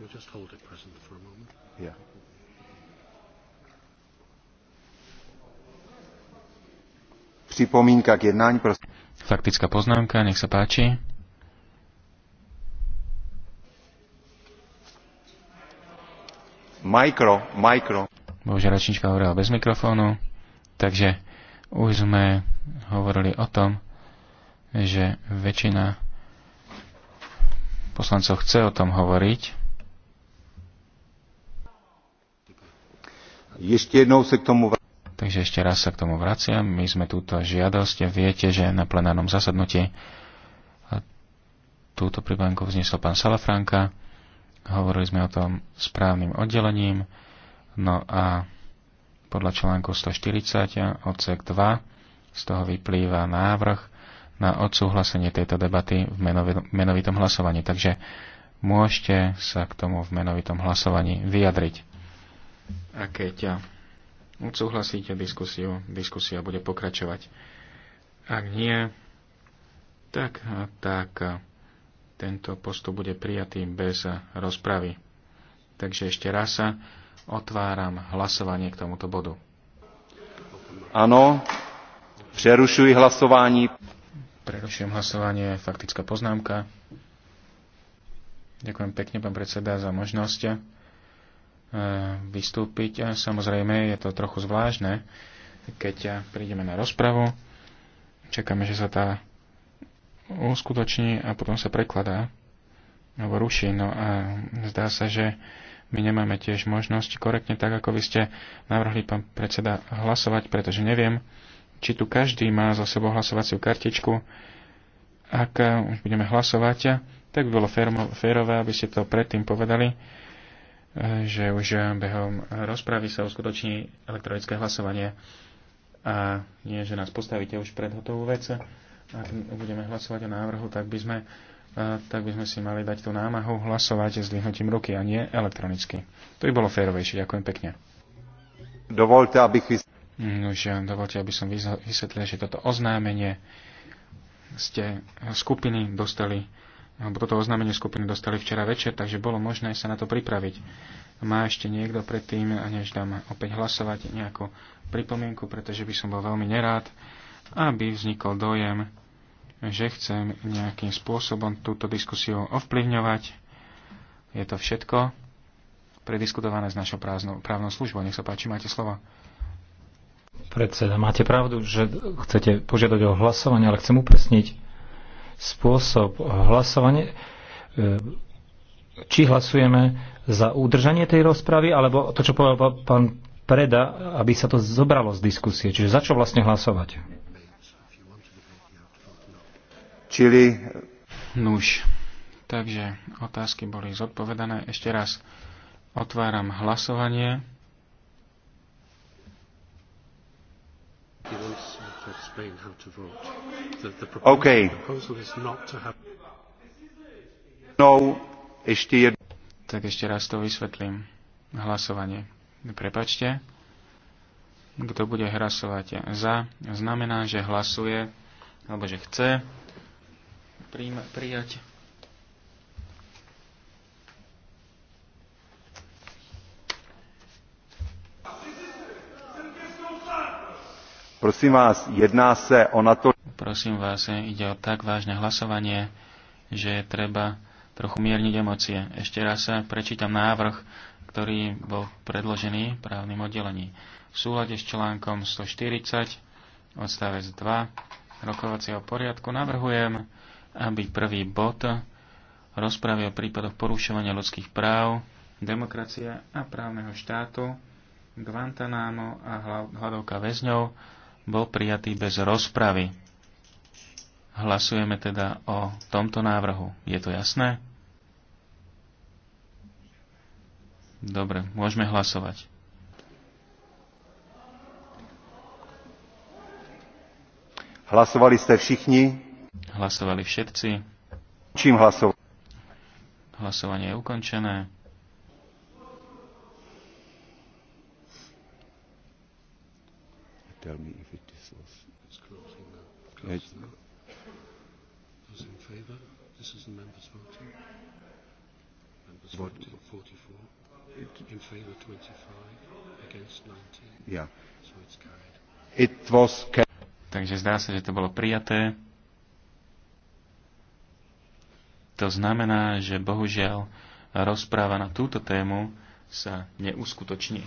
We'll just hold it present for a moment. Yeah. Připomínka k jednání, prosím. Faktická poznámka, nech sa páči. Mikro, mikro. Bože, Račnička hovorila bez mikrofónu, takže už sme hovorili o tom, že väčšina poslancov chce o tom hovoriť, Ešte jednou sa k tomu Takže ešte raz sa k tomu vraciam. My sme túto žiadosť a viete, že na plenárnom zasadnutí túto pripomienku vznesol pán Salafranka. Hovorili sme o tom správnym oddelením. No a podľa článku 140 odsek 2 z toho vyplýva návrh na odsúhlasenie tejto debaty v menovitom hlasovaní. Takže môžete sa k tomu v menovitom hlasovaní vyjadriť. A keď odsúhlasíte diskusiu, diskusia bude pokračovať. Ak nie, tak, tak tento postup bude prijatý bez rozpravy. Takže ešte raz sa otváram hlasovanie k tomuto bodu. Áno, prerušuj hlasovanie. Prerušujem hlasovanie, faktická poznámka. Ďakujem pekne, pán predseda, za možnosť E, vystúpiť. A samozrejme je to trochu zvláštne, keď e, prídeme na rozpravu, čakáme, že sa tá uskutoční a potom sa prekladá alebo ruší. No a zdá sa, že my nemáme tiež možnosť korektne tak, ako vy ste navrhli, pán predseda, hlasovať, pretože neviem, či tu každý má za sebou hlasovaciu kartičku. Ak už budeme hlasovať, tak by bolo férové, aby ste to predtým povedali že už eh, behom rozpravy sa uskutoční elektronické hlasovanie a nie, že nás postavíte už pred hotovú vec. Ak budeme hlasovať o návrhu, tak by sme, eh, tak by sme si mali dať tú námahu hlasovať s dvihnutím ruky a nie elektronicky. To by bolo férovejšie. Ďakujem pekne. Dovolte, abych vys- Nož, mm, eh, dovolte, aby som vysvetlil, že toto oznámenie ste skupiny dostali alebo toto oznámenie skupiny dostali včera večer, takže bolo možné sa na to pripraviť. Má ešte niekto predtým, než dám opäť hlasovať nejakú pripomienku, pretože by som bol veľmi nerád, aby vznikol dojem, že chcem nejakým spôsobom túto diskusiu ovplyvňovať. Je to všetko prediskutované s našou právnou, právnou službou. Nech sa páči, máte slovo. Predseda, máte pravdu, že chcete požiadať o hlasovanie, ale chcem upresniť, spôsob hlasovania, e, či hlasujeme za udržanie tej rozpravy, alebo to, čo povedal pán Preda, aby sa to zobralo z diskusie. Čiže za čo vlastne hlasovať? Čili... Nuž. Takže otázky boli zodpovedané. Ešte raz otváram hlasovanie. Yes to vote. The, the proposal, okay. proposal is not to have... No, ešte jed... Tak ešte raz to vysvetlím. Hlasovanie. Prepačte. Kto bude hlasovať za, znamená, že hlasuje, alebo že chce prijať Prosím vás, jedná se o NATO... Prosím vás, ide o tak vážne hlasovanie, že je treba trochu mierniť emócie. Ešte raz sa prečítam návrh, ktorý bol predložený právnym oddelení. V súlade s článkom 140 odstavec 2 rokovacieho poriadku navrhujem, aby prvý bod rozpravy o prípadoch porušovania ľudských práv, demokracie a právneho štátu Guantanamo a hľadovka väzňov bol prijatý bez rozpravy. Hlasujeme teda o tomto návrhu. Je to jasné? Dobre, môžeme hlasovať. Hlasovali ste všichni? Hlasovali všetci. Čím hlasovali? Hlasovanie je ukončené. tell me if it is was. It's closing now. Closing it's now. Those in favour? This is the members voting. Members What? voting 44. It, in favour 25. Against 19. Yeah. So it's carried. It was carried. Takže zdá sa, že to bolo prijaté. To znamená, že bohužiaľ rozpráva na túto tému sa neuskutoční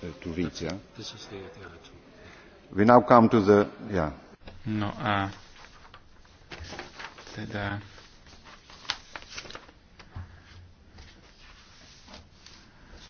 to reach. Yeah? This is the, the other two. We now come to the... Yeah. No a teda